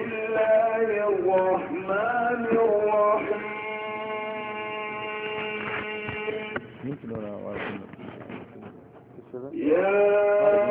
الله الرحمن الرحيم يا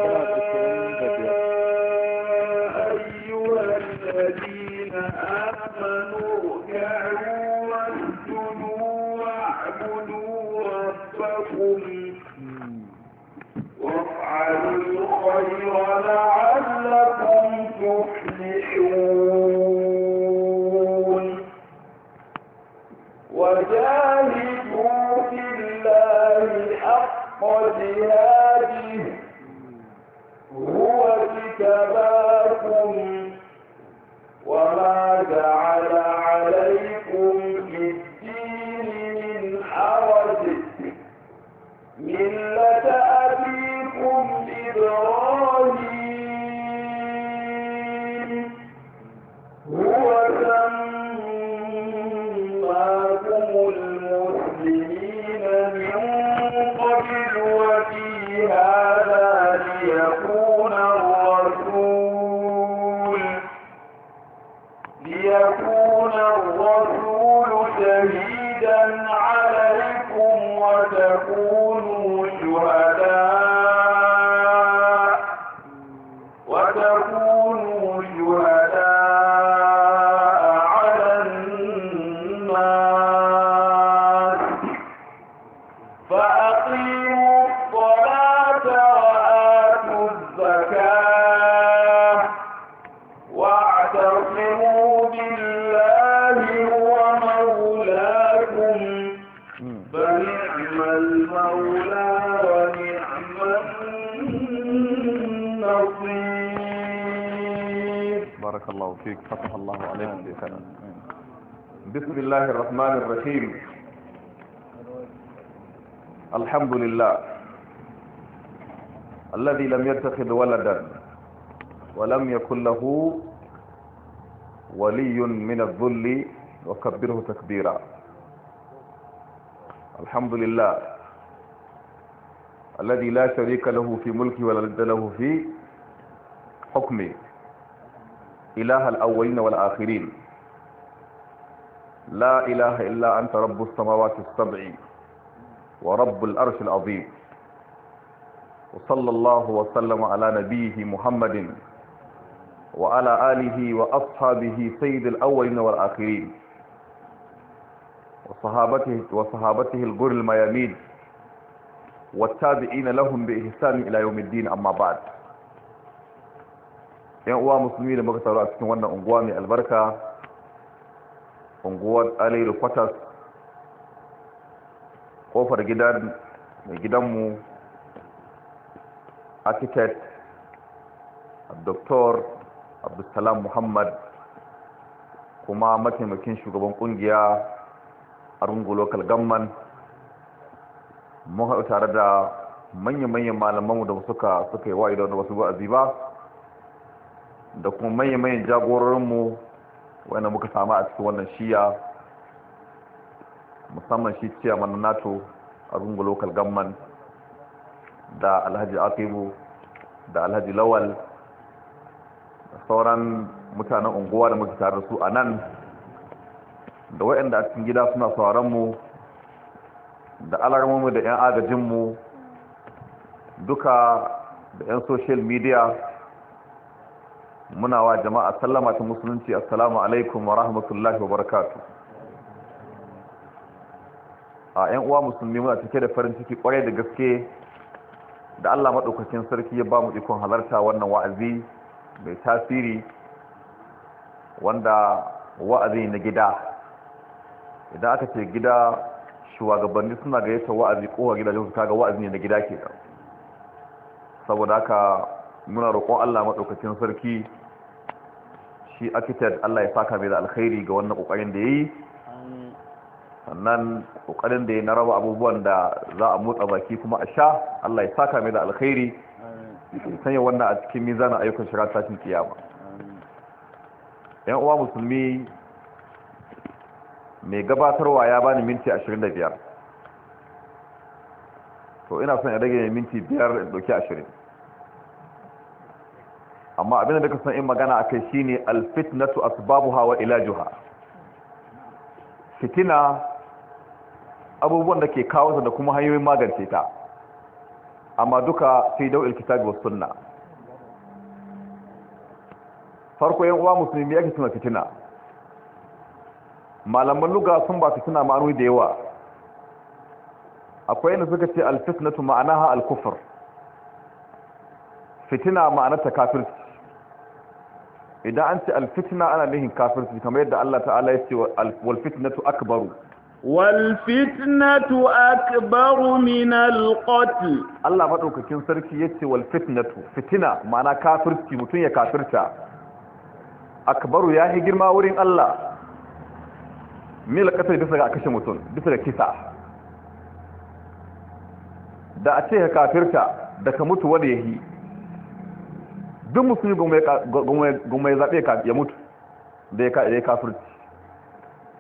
نعم المولى ونعم النصير بارك الله فيك فتح الله عليك بإسلام بسم الله الرحمن الرحيم الحمد لله الذي لم يتخذ ولدا ولم يكن له ولي من الذل وكبره تكبيرا الحمد لله الذي لا شريك له في ملكي ولا لد له في حكمي إله الأولين والآخرين لا إله إلا أنت رب السماوات السبع ورب الأرش العظيم وصلى الله وسلم على نبيه محمد وعلى آله وأصحابه سيد الأولين والآخرين وصحابته وصحابته الغر الميامين والتابعين لهم بإحسان إلى يوم الدين أما بعد ‘yan uwa musulmi da muka taru a cikin wannan unguwa mai albarka unguwar alayyar kwatas kofar gidan mai gidanmu architect dr abdulsalam muhammad kuma mataimakin shugaban kungiya arungu local government mun haɗu tare da manya-manyan malamanmu da suka suka yi wa idan wasu wa'azi ba da kuma manya-manyan jagororinmu wanda muka samu a cikin wannan shiya musamman shi mana na nato arungu local government da alhaji akibu da alhaji lawal da sauran mutanen unguwa da muke tare da su a nan da waɗanda a cikin gida suna sauranmu da alarmunmu da 'yan agajinmu duka da 'yan social media muna wa jama'a sallama ta musulunci assalamu alaikum wa rahmatullahi wa barakatu a 'yan uwa musulmi muna cike da farin ciki kwarai da gaske da allah maɗaukakin sarki ya ba mu ikon halarta wannan wa'azi mai tasiri wanda wa'azi na gida idan aka ce gida shugabanni suna gayyata wa'azi kowa gidajen su kaga wa'azi ne na gida ke da saboda haka muna roƙon Allah madaukakin sarki shi architect Allah ya saka mai da alkhairi ga wannan kokarin da yayi sannan kokarin da ya na raba abubuwan da za a motsa baki kuma a sha Allah ya saka mai da alkhairi sanya wannan a cikin mizanin ayyukan shiga tashin kiyama yan uwa musulmi mai gabatarwa ya bani minti 25 to ina son ya rage minti 5 dauki 20 amma abin da ka san in magana a kai shine alfitnatu asbabuha wa ilajuha fitina abubuwan da ke kawo da kuma hanyoyin magance ta amma duka fi dau kitabi wa sunna farko yan uwa musulmi yake tuna fitina malaman luga sun ba su suna ma'anoni da yawa akwai inda suka ce alfitnatu ma'anaha alkufur fitina ma'anarta kafirci idan an ce alfitna ana nihin kafirci kamar yadda Allah ta'ala ya ce walfitnatu fitnatu akbaru Walfitnatu fitnatu akbaru min al Allah madaukakin sarki yace wal fitnatu fitina ma'ana kafirci mutun ya kafirta akbaru yahi girma wurin Allah mila kasar bisa ga kashe mutum bisa ga kisa da a ce ka kafirta da ka mutu wanda yahi duk musulmi gumai zaɓe ya mutu da ya kafirci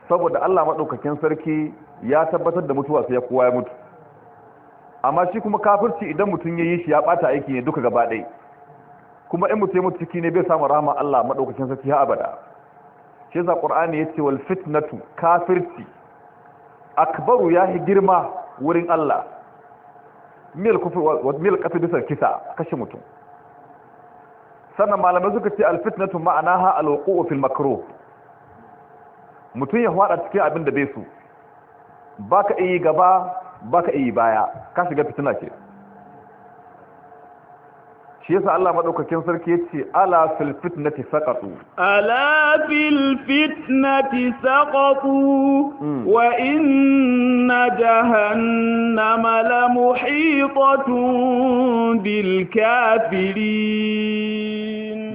saboda Allah maɗaukakin sarki ya tabbatar da mutuwa sai ya kowa ya mutu amma shi kuma kafirci idan mutum ya yi shi ya ɓata aiki ne duka gaba ɗai kuma in mutum ya mutu ciki ne bai samu rahama Allah maɗaukakin sarki ya abada shi za ƙur'ani ya ce wal fitnatu kafirci akbaru ya yi girma wurin Allah mil kafi bisa kisa kashe mutum sannan malamai suka ce alfitnatu ma'ana ha alwaƙo'o fil makaro mutum ya haɗa cikin abin da bai su ba ka iya gaba ba ka iya baya ka shiga fitina ce shi yasa Allah madaukakin sarki yace ala fil fitnati saqatu ala fil fitnati saqatu hmm. wa inna jahannama la bil kafirin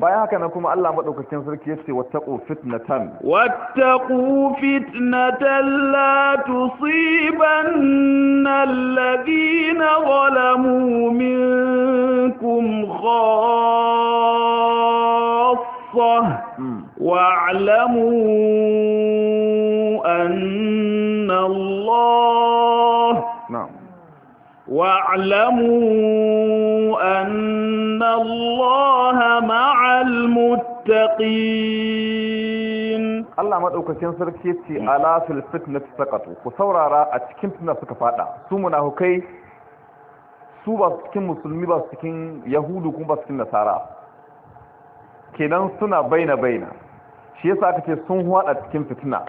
bayan haka nan kuma Allah madaukakin sarki yace wattaqu fitnatan wattaqu fitnatan la tusibanna alladhina zalamu minkum khassa wa'lamu anna Allah واعلموا أن الله مع المتقين Allah madaukakin sarki yace ala fil fitnati saqatu ku saurara a cikin fitna suka fada su munafikai su ba cikin musulmi ba cikin yahudu kuma ba cikin nasara kenan suna baina baina shi yasa aka ce sun hwada cikin fitna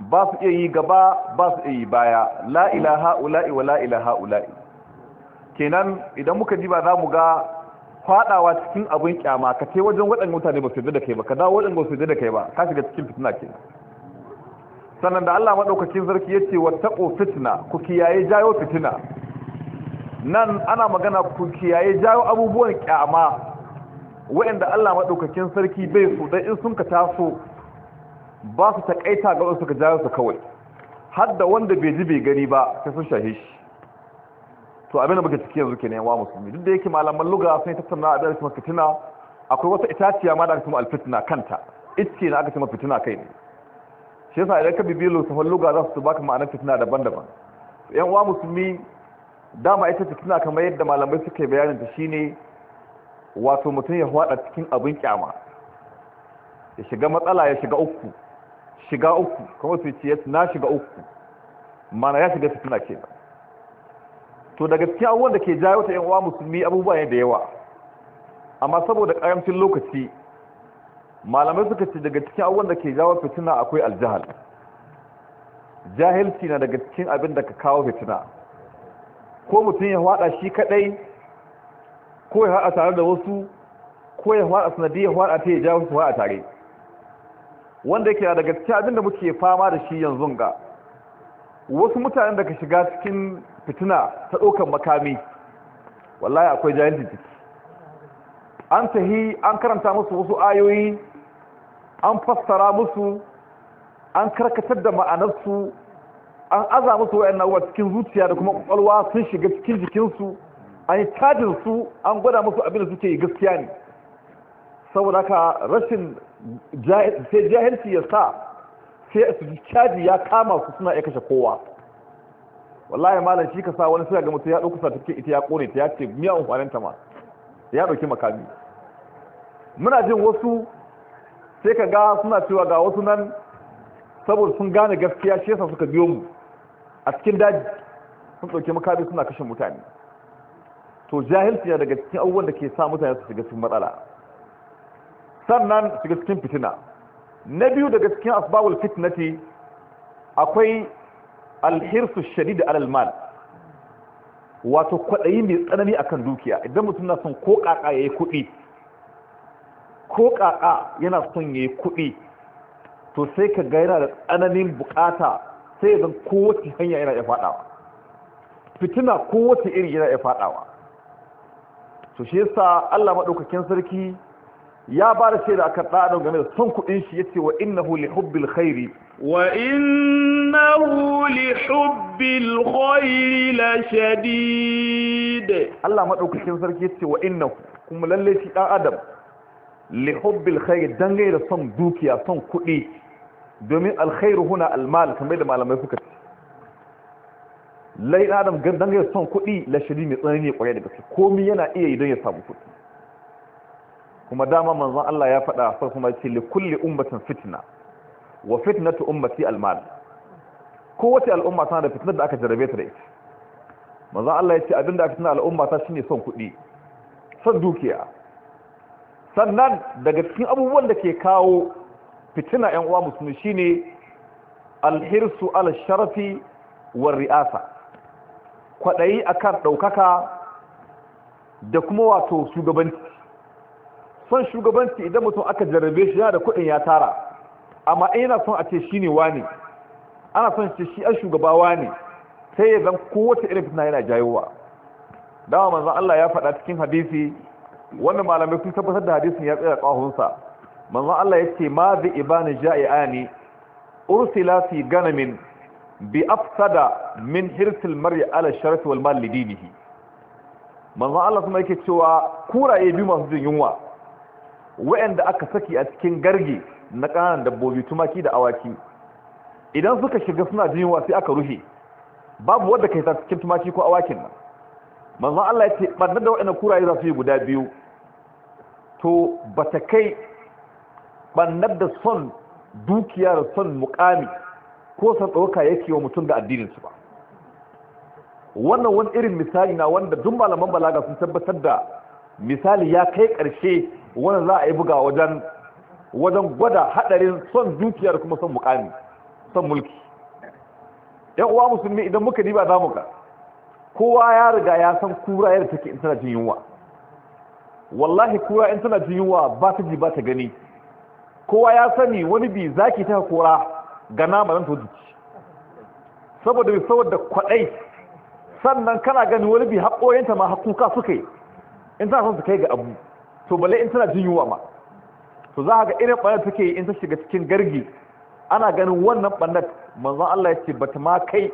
ba su iya yi gaba ba su iya yi baya la ilaha ula'i wa la ilaha ula'i kenan idan muka ji ba za mu ga fadawa cikin abin kyama ka ce wajen waɗanda mutane ba su da kai ba ka dawo waɗanda ba su da kai ba ka shiga cikin fitina ke. sannan da Allah ya sarki wa taɓo fitina ku kiyaye jayo fitina nan ana magana ku kiyaye jayo abubuwan kyama waɗanda Allah maɗaukacin sarki bai su dan in sun ka taso ba su taƙaita ga wasu ka jawo su kawai har da wanda bai ji bai gani ba sai sun shahe shi to abin da muke ciki yanzu kenan wa musulmi duk da yake malaman luga sun tattauna a darasin fitina akwai wata itaciya ma da aka tuma alfitina kanta itce na aka tuma fitina kai ne shi yasa idan ka bibi lusufan luga za su baka ma'anar fitina daban-daban yan wa musulmi dama ita fitina kamar yadda malamai suka yi bayanin ta shine wato mutum ya hwada cikin abin kyama ya shiga matsala ya shiga uku shiga uku kuma su ce na shiga uku mana ya shiga fitina ke to daga cikin abubuwan da ke jawo ta yan uwa musulmi abubuwa ne da yawa amma saboda karamcin lokaci malamai suka ce daga cikin abubuwan da ke jawo fitina akwai aljahal jahilci na daga cikin abin da ka kawo fitina ko mutum ya hwada shi kadai ko ya hada tare da wasu ko ya hwada sanadiyar hwada ta ya jawo su hwada tare wanda yake daga cikin abin da muke fama da shi yanzu ga wasu mutanen da ka shiga cikin fitina ta ɗaukar makami wallahi akwai jahilci ciki an tahi an karanta musu wasu ayoyi an fassara musu an karkatar da ma'anarsu an aza musu wa'annan uwa cikin zuciya da kuma kwakwalwa sun shiga cikin jikinsu an yi cajin su an gwada musu abin da suke yi gaskiya ne saboda ka rashin sai jahilci ya sa sai su caji ya kama su suna ya kashe kowa wallahi malam shi ka sa wani sai ga mutum ya ta certificate ita ya kone ta ya ce miya amfanin ta ma ya ɗauki makami muna jin wasu sai ka ga suna cewa ga wasu nan saboda sun gane gaskiya shi yasa suka biyo mu a cikin daji sun ɗauki makami suna kashe mutane to jahilci daga cikin abubuwan da ke sa mutane su shiga cikin matsala sannan shiga cikin fitina na biyu daga cikin asbabul fitnati akwai alhirsu shadid alal mal wato kwaɗayi mai tsanani akan dukiya idan mutum na son ko kaka yayi kuɗi ko kaka yana son yayi kuɗi to sai ka ga yana da tsananin bukata sai zan kowace hanya yana ya faɗawa fitina kowace iri yana ya faɗawa to shi yasa Allah madaukakin sarki ya ba da shaida a akan ɗaɗan game da son kuɗin shi ya ce wa hu li hubbil khairi wa hu li hubbil khairi la shadide Allah madaukakin sarki ya ce wa hu kuma lalle shi ɗan adam li hubbil khairi dangane da son dukiya son kuɗi domin alkhairu huna almal kamar da malamai suka ce lai adam dangane da son kuɗi la shadid mai tsanani kwarai da gaske komi yana iya yi don ya samu kuɗi kuma dama manzon Allah ya faɗa sai kuma ce li kulli ummatin fitna wa fitnatu ummati almal kowace al'umma tana da fitnar da aka jarabe ta da ita manzon Allah ya ce abinda aka fitna al'umma ta shine son kuɗi son dukiya sannan daga cikin abubuwan da ke kawo fitina yan uwa musulmi shine alhirsu ala sharafi wa ri'asa kwadayi akan daukaka da kuma wato shugabanci son shugabanci idan mutum aka jarrabe shi yana da kuɗin ya tara amma in yana son a ce shi ne wani ana son ce shi an shugaba wani sai ya zan kowace irin fitina yana jayowa dama manzon Allah ya faɗa cikin hadisi wannan malamai sun tabbatar da hadisin ya tsaya ƙahunsa manzon Allah ya ce ma zai ibani ja'i'ani ursila fi ganamin bi afsada min hirsil mar'i ala sharaf wal mal lidinihi manzon Allah kuma yake cewa kuraye biyu masu jin yunwa wa'anda aka saki a cikin garge na ƙananan dabbobi tumaki da awaki idan suka shiga suna jin sai aka rufe babu wadda kai ta cikin tumaki ko awakin nan manzon Allah ya ce barnar da wa'annan kuraye za su yi guda biyu to bata kai barnar da son dukiya da son mukami ko san ɗauka yake wa mutum da addininsu ba wannan wani irin misali na wanda duk malaman balaga sun tabbatar da misali ya kai ƙarshe wanda za a yi buga wajen wajen gwada haɗarin son dukiyar kuma son mukami son mulki yan uwa musulmi idan muka diba za mu ga kowa ya riga ya san kura yadda take in tana jin yunwa wallahi kura in tana jin yunwa ba ta ji ba ta gani kowa ya sani wani bi zaki ta kora ga nama nan tozi saboda bi saboda kwaɗai sannan kana gani wani bi haƙoyinta ma haƙuka suka yi in za son su kai ga abu to bale in tana jin yunwa ma to za ga irin ɓanar take yi in ta shiga cikin gargi ana ganin wannan ɓanar manzan Allah ya ce ba ta ma kai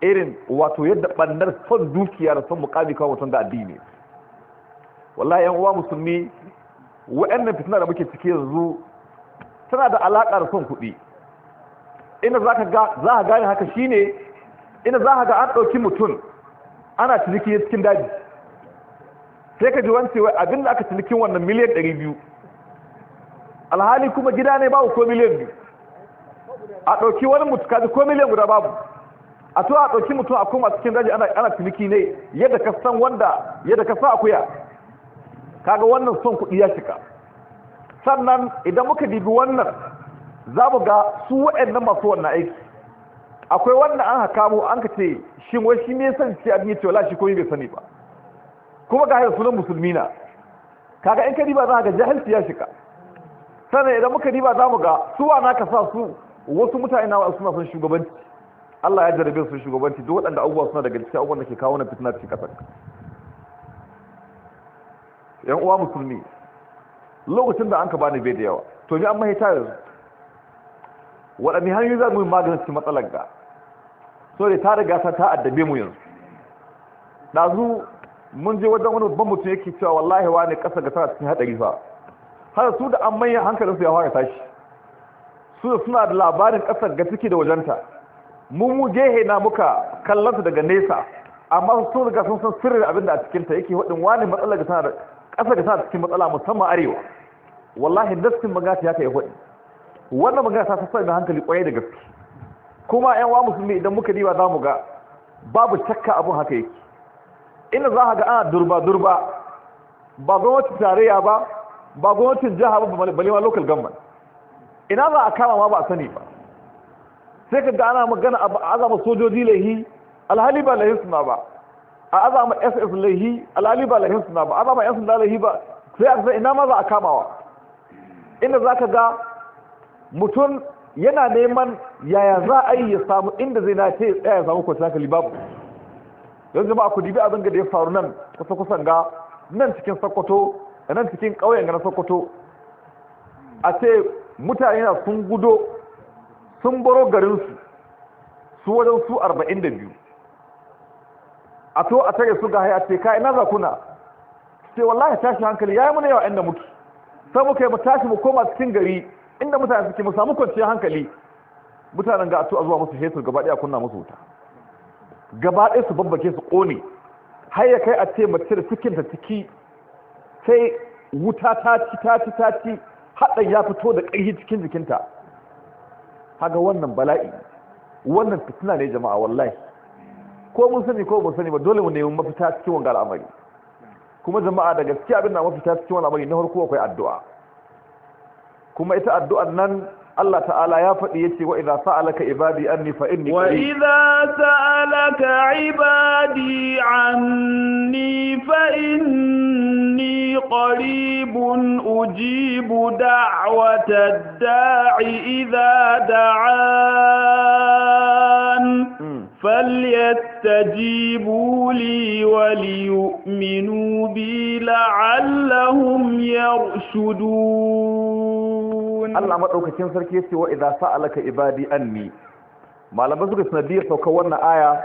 irin wato yadda ɓanar son dukiya da son muƙami kawo mutum da addini wallahi yan uwa musulmi wa'annan fitina da muke ciki yanzu tana da alaƙa da son kuɗi ina za ka gane haka shine ina za ka ga an ɗauki mutum ana ciniki cikin daji sai ka ji wance wai abin da aka cinikin wannan miliyan 200 alhali kuma gida ne babu ko miliyan biyu a ɗauki wani mutu kaji ko miliyan guda babu a to a ɗauki mutum a koma cikin daji ana ciniki ne yadda ka san wanda yadda ka sa akuya kaga wannan son kuɗi ya shiga sannan idan muka dibi wannan za mu ga su waɗannan masu wannan aiki akwai wannan an haka mu an ka ce shin wai shi ne san ce abin ya ce wala shi ko bai sani ba kuma ga hayar sunan musulmi na kaga in ka riba za ga jahilci ya shiga sannan idan muka riba za mu ga su na ka sa su wasu mutane na suna son shugabanci Allah ya jarabe su shugabanci duk waɗanda abubuwa suna daga cikin abubuwan da ke kawo na fitina cikin ƙasar yan uwa musulmi lokacin da an ka bani bai da yawa to ni an mahita yanzu waɗanne hanyoyi za mu yi maganin cikin matsalar ga so da ta riga ta ta addabe mu yanzu ɗazu mun je wajen wani babban mutum yake cewa wallahi wa ne ƙasa ga tana cikin haɗari fa har su da an manya hankalinsu ya fara tashi su da suna da labarin ƙasar ga ciki da wajenta mu mu gehe na muka kallonta daga nesa amma su riga sun san sirrin abin da a cikinta yake hudin wani matsala ga tana ƙasar ga tana cikin matsala musamman arewa wallahi nassin magana ya kai hudin wannan magana ta sassa da hankali kwaye da gaske kuma ƴan wa musulmi idan muka diba za mu ga babu shakka abun haka yake ina za ga ana durba-durba ba gwamnatin tarayya ba ba gwamnatin jiha ba balewa local government ina za a kama ma ba a sani ba sai ka ga ana magana a azama sojoji laihi alhali ba laihin suna ba a azama ss laihi alhali ba laihin suna ba azama yan suna laihi ba sai a zai ina ma za a kama wa ina za ka ga mutum yana neman yaya za a yi ya samu inda zai na ce ya samu kwanciyar kalibabu. yanzu jama'a ku dibi abin da ya faru nan kusa kusan ga nan cikin sokoto da nan cikin ƙauyen ga na sokoto a ce mutane na sun gudo sun baro garinsu su wajen su arba'in da biyu a to a tare su ga haya ce ka ina za kuna ce wallahi tashi hankali ya yi mana yawa inda muke sai muka yi mu tashi mu koma cikin gari inda mutane suke mu samu kwanciyar hankali mutanen ga a to a zuwa musu hetur gaba ɗaya kunna musu wuta gaba ɗaya su babbake su ƙone har ya kai a ce mace da cikin ta ciki sai wuta ta ci ta ci ta ci haɗin ya fito da ƙarfi cikin jikinta haga wannan bala'i wannan fitina ne jama'a wallahi ko mun sani ko mun sani ba dole mu nemi mafita cikin wanga al'amari kuma jama'a da gaskiya abin da mafita cikin wani al'amari na farko akwai addu'a kuma ita addu'ar nan الله تعالى يا فدي يتي واذا سالك عبادي اني فاني واذا سالك عبادي عني فاني قريب اجيب دعوه الداع اذا دعان فليستجيبوا لي وليؤمنوا بي لعلهم يرشدون يعلمون الله مدوكين سركي يسي واذا ibadi an عني Malamai suka ya saukar wannan aya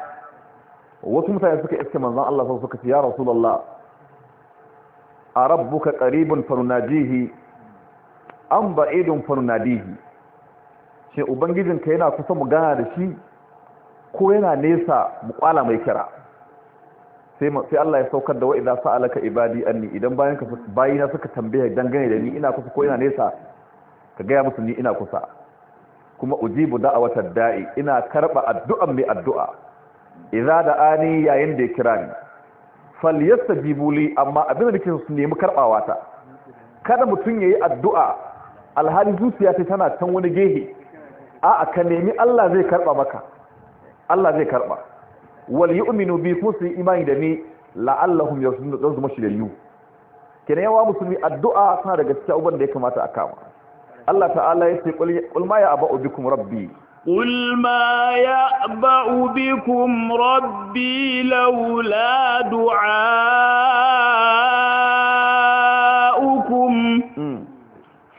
wasu mutane suka iske manzan Allah sau suka ce ya rasulallah a rabbuka qaribun fanunajihi an ba'idun fanunadihi shi ubangijinka yana kusa mu gana da shi ko yana nesa mu kwala mai kira sai Allah ya saukar da wa idza sa'alaka ibadi anni idan bayan ka bayina suka tambaye dangane da ni ina kusa ko yana nesa ka gaya musu ni ina kusa kuma ujibu da da'awatar da'i ina karba addu'an mai addu'a Iza idza da'ani yayin da ya kira ni falyastajibu bibuli, amma abin da nake su nemi karbawa ta kada mutun yayi addu'a alhali zuciya ta tana can wani gehe a ka nemi Allah zai karba maka Allah zai karba wal yu'minu bi kuma su imani da ni la'allahum yarshudun da zama shiryayyu kenan yawa musulmi addu'a suna daga cikin abubuwan da ya kamata a kama الله تعالى يقول قل ما يأبأ بكم ربي قل ما يأبأ بكم ربي لولا دعاؤكم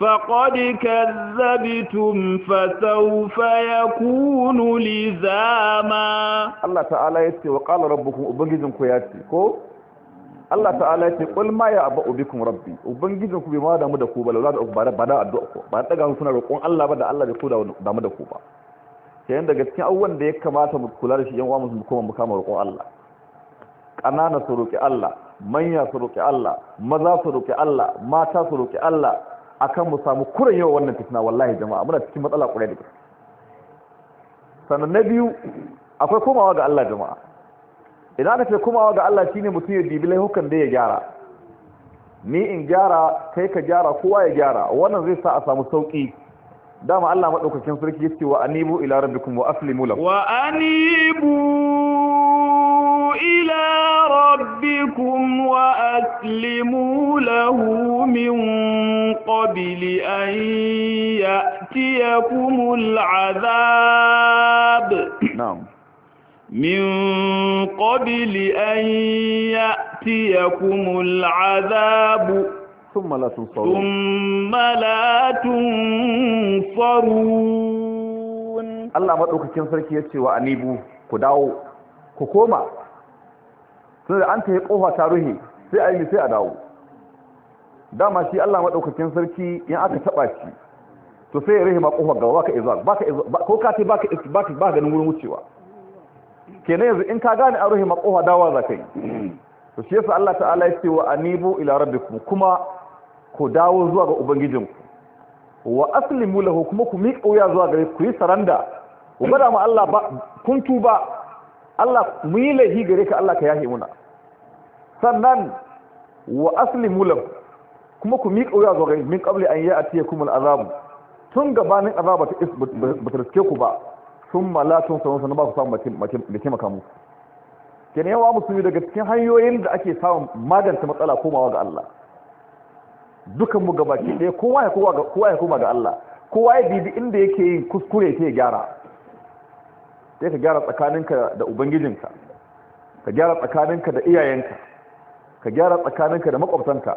فقد كذبتم فسوف يكون لزاما الله تعالى يقول وقال ربكم أبنجزم كياتي كو Allah ta'ala ya ce qul ma ya abu bikum rabbi ubangijin ku bai ma damu da ku ba laula da ba da addu'a ku ba daga suna roƙon Allah ba da Allah bai da damu da ku ba sai daga cikin awwan da ya kamata mu kula da shi yan uwa mu kuma mu kama roƙon Allah ƙanana su roƙi Allah manya su roƙi Allah maza su roƙi Allah mata su roƙi Allah akan mu samu kuren yawa wannan fitina wallahi jama'a muna cikin matsala ƙure da gaske sannan na biyu akwai komawa ga Allah jama'a idan ka ce kuma ga Allah shine mutum ya dibi laihukan da ya gyara ni in gyara kai ka gyara kowa ya gyara wannan zai sa a samu sauki dama Allah madaukakin sarki yace wa anibu ila rabbikum wa aslimu lahu wa anibu ila rabbikum wa aslimu lahu min qabli an ya'tiyakumul azab na'am من قبل أن يأتيكم العذاب ثم لا تنصرون ثم لا تنصرون الله مدوكاكين sarki yace wa anibu ku dawo ku koma sai an ta yi kofa ta ruhe sai a yi sai a dawo dama shi Allah madaukakin sarki in aka taɓa shi to sai ya ruhe ma kofar gaba baka izar baka ko ka ce baka ganin wurin wucewa kenan yanzu in ka gane an ruhe makofa dawa za ka yi to shi yasa Allah ta'ala ya ce wa anibu ila rabbikum kuma ku dawo zuwa ga ubangijinku wa aslimu lahu kuma ku miƙa wuya zuwa gare ku yi saranda ku gada ma Allah ba kun tuba Allah mu yi laifi gare ka Allah ka yahe muna sannan wa aslimu lahu kuma ku miƙa wuya zuwa gare min qabli an ya'tiyakum al'azab tun gabanin azaba ta isbat ku ba sun malatun sanonsa na ba su samun mai taimaka musu ke ne yawa musulmi daga cikin hanyoyin da ake samun maganta matsala komawa ga Allah Dukanmu mu gabaki ɗaya kowa ya koma ga Allah kowa ya bibi inda yake yin kuskure ke ya gyara sai ka gyara tsakaninka da ubangijinka ka gyara tsakaninka da iyayenka ka gyara tsakaninka da makwabtanka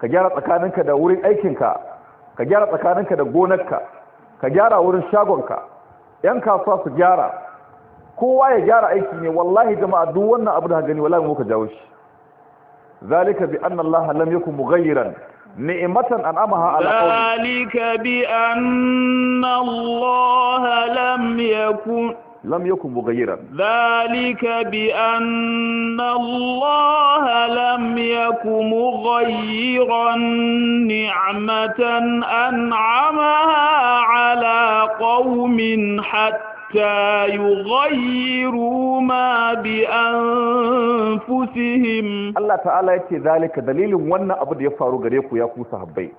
ka gyara tsakaninka da wurin aikinka ka gyara tsakaninka da gonarka ka gyara wurin shagonka yan kasuwa su gyara kowa ya gyara aiki ne wallahi jama'a duk wannan abu da gani wallahi muka jawo shi zalika bi anna allaha lam yakun mughayyiran ni'matan an'amaha ala qawmi zalika bi anna allaha lam yakun lam yakun mughayyiran dhalika bi anna Allah lam yakun mughayyiran ni'matan an'amaha ala qaumin hatta yughayyiru ma bi anfusihim Allah ta'ala yace zalika dalilin wannan abun da ya faru gare ku ya kusa sahabbai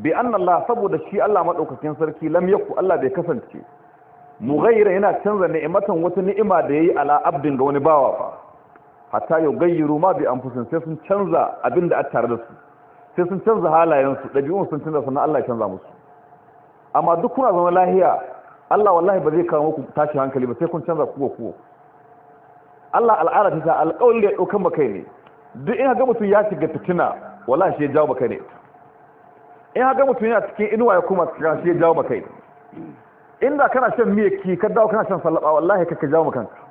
bi anna saboda shi Allah madaukakin sarki lam yakun Allah bai kasance mughayyira yana canza ni'imatan wata ni'ima da yayi ala abdin ga wani bawa fa hatta yughayyiru ma bi anfusihim sai sun canza abinda a tare da su sai sun canza halayen su dabi'un sun canza sannan Allah ya canza musu amma duk kuna zama lahiya Allah wallahi ba zai kawo muku tashi hankali ba sai kun canza kuwa kuwa Allah al'ada ta ta alƙawarin da ya ɗaukan bakai ne duk in haka mutum ya shiga fitina wallahi shi ya jawo bakai ne in haka mutum yana cikin inuwa ya kuma cikin shi ya jawo bakai ne inda kana shan miya ki ka dawo kana shan sallaba wallahi kake jawo kanka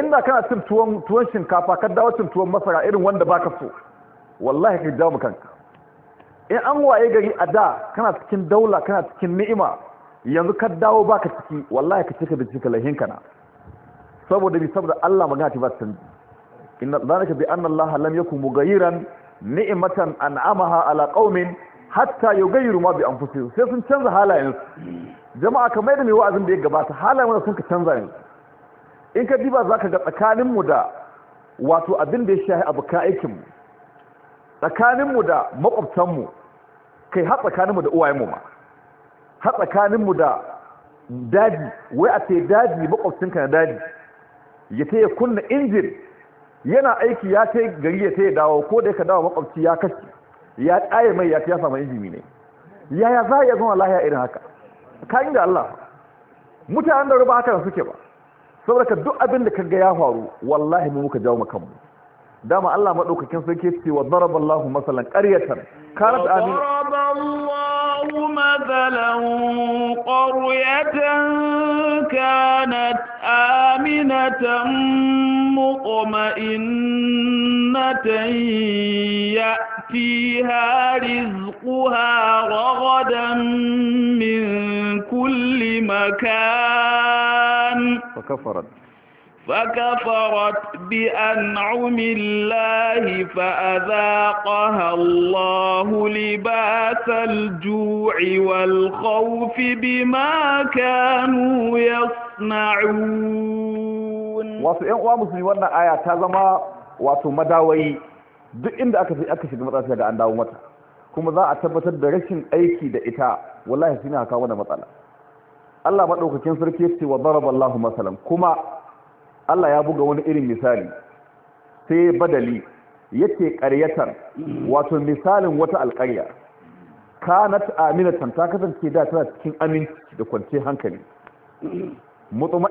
inda kana cin tuwon tuwon shinkafa ka dawo cin tuwon masara irin wanda baka so wallahi kake jawo kanka in an waye gari a da kana cikin daula kana cikin ni'ima yanzu ka dawo baka ciki wallahi ka cika da cika lahin kana saboda bi saboda Allah magana ta ba ta inna zalika bi anna Allah lam yakun mughayiran ni'matan an'amaha ala qaumin hatta yau yughayyiru ma bi anfusihim sai sun canza halayensu jama'a kamar da mai wa'azin da ya gabata halayen sun ka canza yanzu. in ka diba ka ga tsakaninmu da wato abin da ya shahi abokan aikin mu da makwabtanmu kai har tsakaninmu da uwayen mu ma har tsakaninmu da daji wai a ce daji makwabcinka na daji ya ta ya kunna injin yana aiki ya ta yi gari ya ta yi dawo ko da ya ka dawo makwabci ya kashe ya ƙaye mai ya fiya samu injimi ne yaya za a iya zama lahiya irin haka kayan da Allah mutanen da ruba haka suke ba saboda ka duk abin da ka ga ya faru wallahi mu muka jawo makamu dama Allah madaukakin sarki ce wa daraballahu masalan qaryatan kanat amin daraballahu qaryatan kanat aminatan ya فيها رزقها رغدا من كل مكان فكفرت فكفرت بأنعم الله فأذاقها الله لباس الجوع والخوف بما كانوا يصنعون وفي ‘yan مسلمين musulmi آياتها aya ta وي duk inda aka fi aka shiga matsala ga an dawo mata kuma za a tabbatar da rashin aiki da ita wallahi shine haka wannan matsala Allah madaukakin sarki ce wa daraba Allahu masalan kuma Allah ya buga wani irin misali sai badali yake ƙaryatar wato misalin wata alƙarya kanat aminatan ta kasance da tana cikin aminci da kwance hankali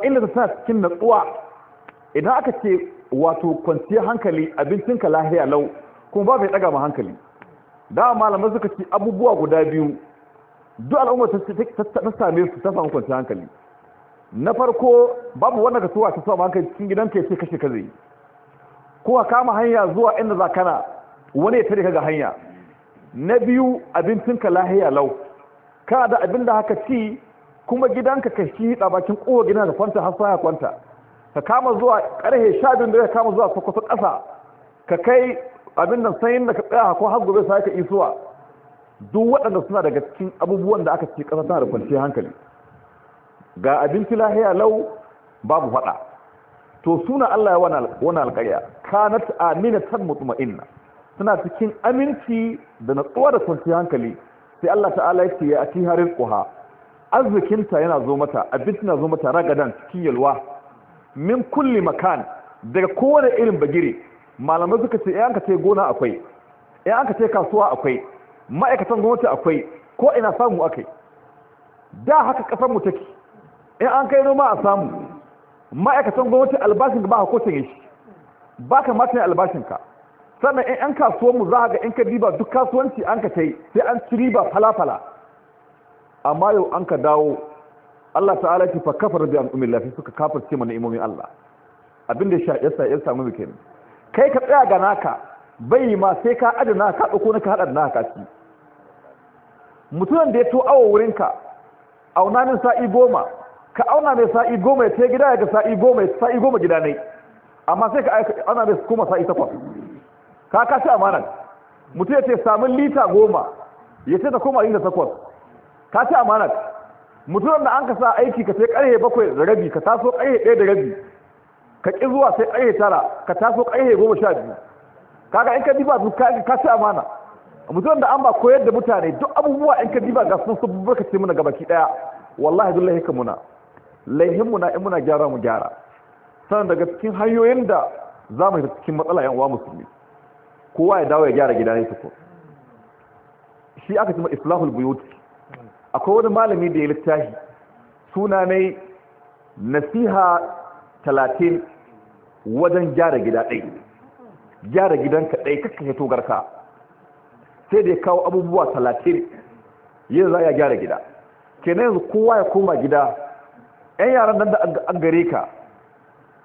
inda ta tana cikin natsuwa idan aka ce wato kwanciyar hankali abincinka lahiya lau kuma ba bai daga ma hankali da malamai suka ci abubuwa guda biyu duk al'ummar ta same su ta samu kwanciyar hankali na farko babu wanda ka tuwa ta samu hankali cikin gidanka ya ce kashe ka zai Kuma kama hanya zuwa inda za kana wani ya tare ka ga hanya na biyu abincinka lahiya lau kana da abin da haka ci kuma gidanka ka shi da bakin kowa gidan da kwanta har sa ya kwanta ka kama zuwa karhe sha da ka kama zuwa kwakwasa ƙasa ka kai abin nan sanyin da ka tsaya ko har gobe sa ka isuwa duk waɗanda suna daga cikin abubuwan da aka ce ƙasa tana da kwanciyar hankali ga abinci lahiya lau babu faɗa to suna Allah ya wani alƙarya kanat aminatan mutma'inna suna cikin aminci da natsuwa da kwanci hankali sai Allah ta'ala yake ya ati harin kuha arzikinta yana zo mata abinci na zo mata ragadan cikin yalwa min kulli makan daga kowane irin bagire malamai suka ce in aka ce gona akwai in aka ce kasuwa akwai ma'aikatan gwamnati akwai ko ina samu akai da haka kasar mu take in an kai noma a samu ma'aikatan gwamnati albashin ba ko tanye shi ba ka mata ne albashin ka sannan in an kasuwar mu za ga in ka riba duk kasuwanci an ka tai sai an ci riba fala-fala amma yau an ka dawo Allah ta'ala ce fa kafar bi an'umin lafi suka kafar ce mana imomin Allah Abinda ya sa ya samu bikin. kai ka tsaya ga naka bai ma sai ka adana ka dauko naka hada naka ci mutumin da ya to awo wurinka auna min sa'i goma ka auna mai sa'i goma ya ce gida ya ga sa'i goma ya sa'i goma gida ne amma sai ka auna mai kuma sa'i takwas ka kashi amanar mutum ya ce samun lita goma ya ce ta koma da takwas ka ci amanar mutum da an ka sa aiki ka sai ƙarhe bakwai da rabi ka taso ƙarhe ɗaya da rabi ka ƙi zuwa sai ƙarhe tara ka taso ƙarhe goma sha biyu kaga in ka diba su ka ci amana mutum da an ba koyar da mutane duk abubuwa in ka diba ga sun sun ce muna gabaki ɗaya wallahi dole lahikan muna laihin muna in muna gyara mu gyara sannan daga cikin hanyoyin da za mu cikin matsala yan uwa musulmi kowa ya dawo ya gyara gida ne tukur shi aka ma islahul buyuti akwai wani malami da ya littafi suna ne nasiha talatin wajen gyara gida ɗai gyara gidanka ɗai kakka ya togarka, sai da ya kawo abubuwa talatin yin za ya gyara gida Ke na yanzu kowa ya koma gida 'yan yaran nan da an gare ka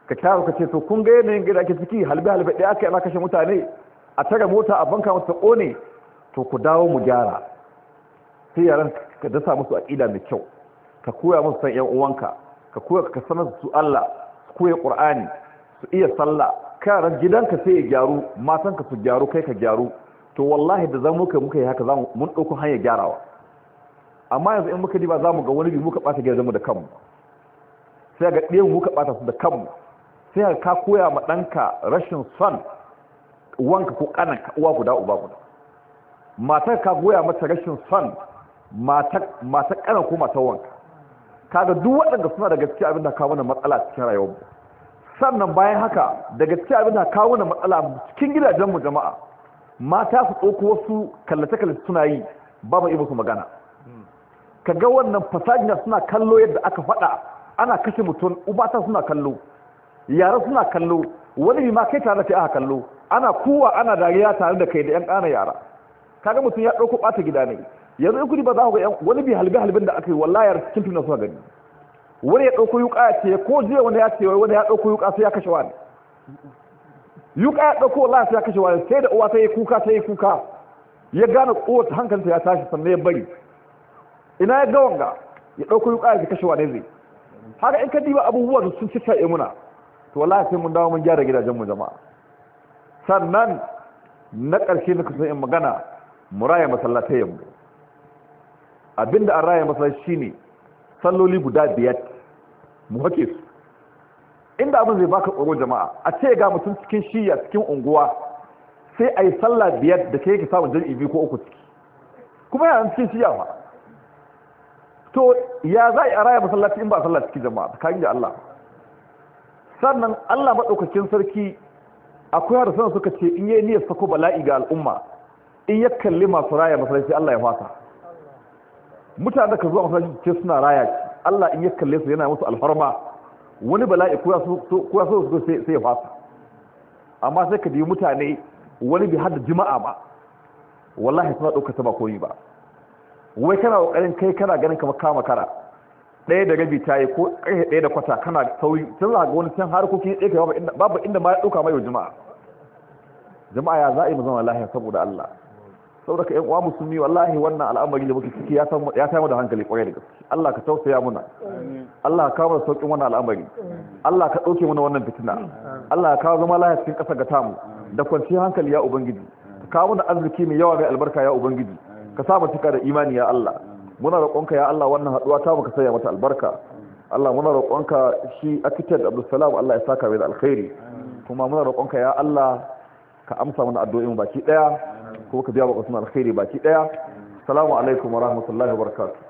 ka kyara ka ce to kun ga yanayin gida ake ciki halbe halbe ɗaya aka yi kashe mutane a tara mota a banka mata ƙone to ku dawo mu gyara sai yaran ka dasa musu aqida mai kyau ka koya musu san yan uwanka ka koya ka sanar su Allah su koya Qur'ani su iya sallah yaran gidanka sai ya gyaru matanka su gyaru kai ka gyaru to wallahi da zamu kai muka yi haka zamu mun dauko hanyar gyarawa amma yanzu in muka diba zamu ga wani bi muka bata gidanmu da kanmu sai ga ɗiyan muka bata su da kanmu sai ka koya ma ɗanka rashin son uwanka ko ƙanan uwa guda uba guda matar ka goya mata rashin son mata kana ko mata wanka kaga duk waɗanda suna da gaskiya abin da kawo na matsala cikin rayuwar sannan bayan haka da gaskiya abin da kawo na matsala cikin gidajen mu jama'a mata su ɗauko wasu kallace kallace suna yi ba mu yi musu magana kaga wannan fasajina suna kallo yadda aka faɗa ana kashe mutum ubata suna kallo yara suna kallo wani bi ma kai tare da kai aka kallo ana kuwa ana dariya tare da kai da yan ƙana yara kaga mutum ya ɗauko ɓata gida ne yanzu in kudi ba za ku ga wani bi halbe halben da aka yi wallayar cikin tuna suka gani wani ya ɗauko yuka ya ce ko jiya wani ya ce wani ya ɗauko yuka sai ya kashe wani yuka ya ɗauko wallahi sai ya kashe wani sai da uwa ta yi kuka ta yi kuka ya gane kowace hankalinsa ya tashi sannan ya bari ina ya ga wanga ya ɗauko yuka ya kashe wani zai haka in ka diba abubuwan sun cika ta'e muna to wallahi sai mun dawo mun gyara gidajenmu jama'a sannan na ƙarshe na kusa in magana mu masallatai yamma abinda an raya masa shine salloli guda biyar mu hake su inda abin zai baka tsoro jama'a a ce ga mutum cikin shiya cikin unguwa sai a yi sallah biyar da ke yake samun jami'i biyu ko uku ciki kuma yana cikin shiya ba to ya za a raya masallaci in ba a sallah ciki jama'a kayan da Allah sannan Allah maɗaukakin sarki akwai harsunan suka ce in yi niyyar sako bala'i ga al'umma in ya kalli masu raya masallaci Allah ya fata mutane ka zuwa masallaci ce suna raya Allah in ya kalle su yana musu alfarma wani bala'i kura ya so su sai ya fasa amma sai ka biyu mutane wani bi hada jima'a ba wallahi suna ɗauka ta ba koyi ba wai kana ƙoƙarin kai kana ganin kamar kama kara ɗaya da rabi ta yi ko ƙarfe ɗaya da kwata kana sauri sun za ga wani can harkokin ɗaya ka babu inda ma ya ɗauka mai wa jima'a jama'a ya za'a yi mu zama lahiya saboda Allah saboda yan uwa musulmi wallahi wannan al'amari da muke ciki ya samu da hankali kwarai da gaske Allah ka tausaya muna Allah ka kawo sauƙin wannan al'amari Allah ka ɗauke mana wannan fitina Allah ka kawo zama lafiya cikin ƙasa ga tamu da kwanciyar hankali ya ubangiji ka kawo da arziki mai yawa mai albarka ya ubangiji ka sa mu cika da imani ya Allah muna roƙonka ya Allah wannan haɗuwa ta mu ka sanya mata albarka Allah muna roƙonka shi akitar Abdulsalam Allah ya saka mai da alkhairi kuma muna roƙonka ya Allah ka amsa mana addu'o'in baki ɗaya kuma ka biya wa usman alkhairi baki daya assalamu alaikum wa rahmatullahi wa barakatuh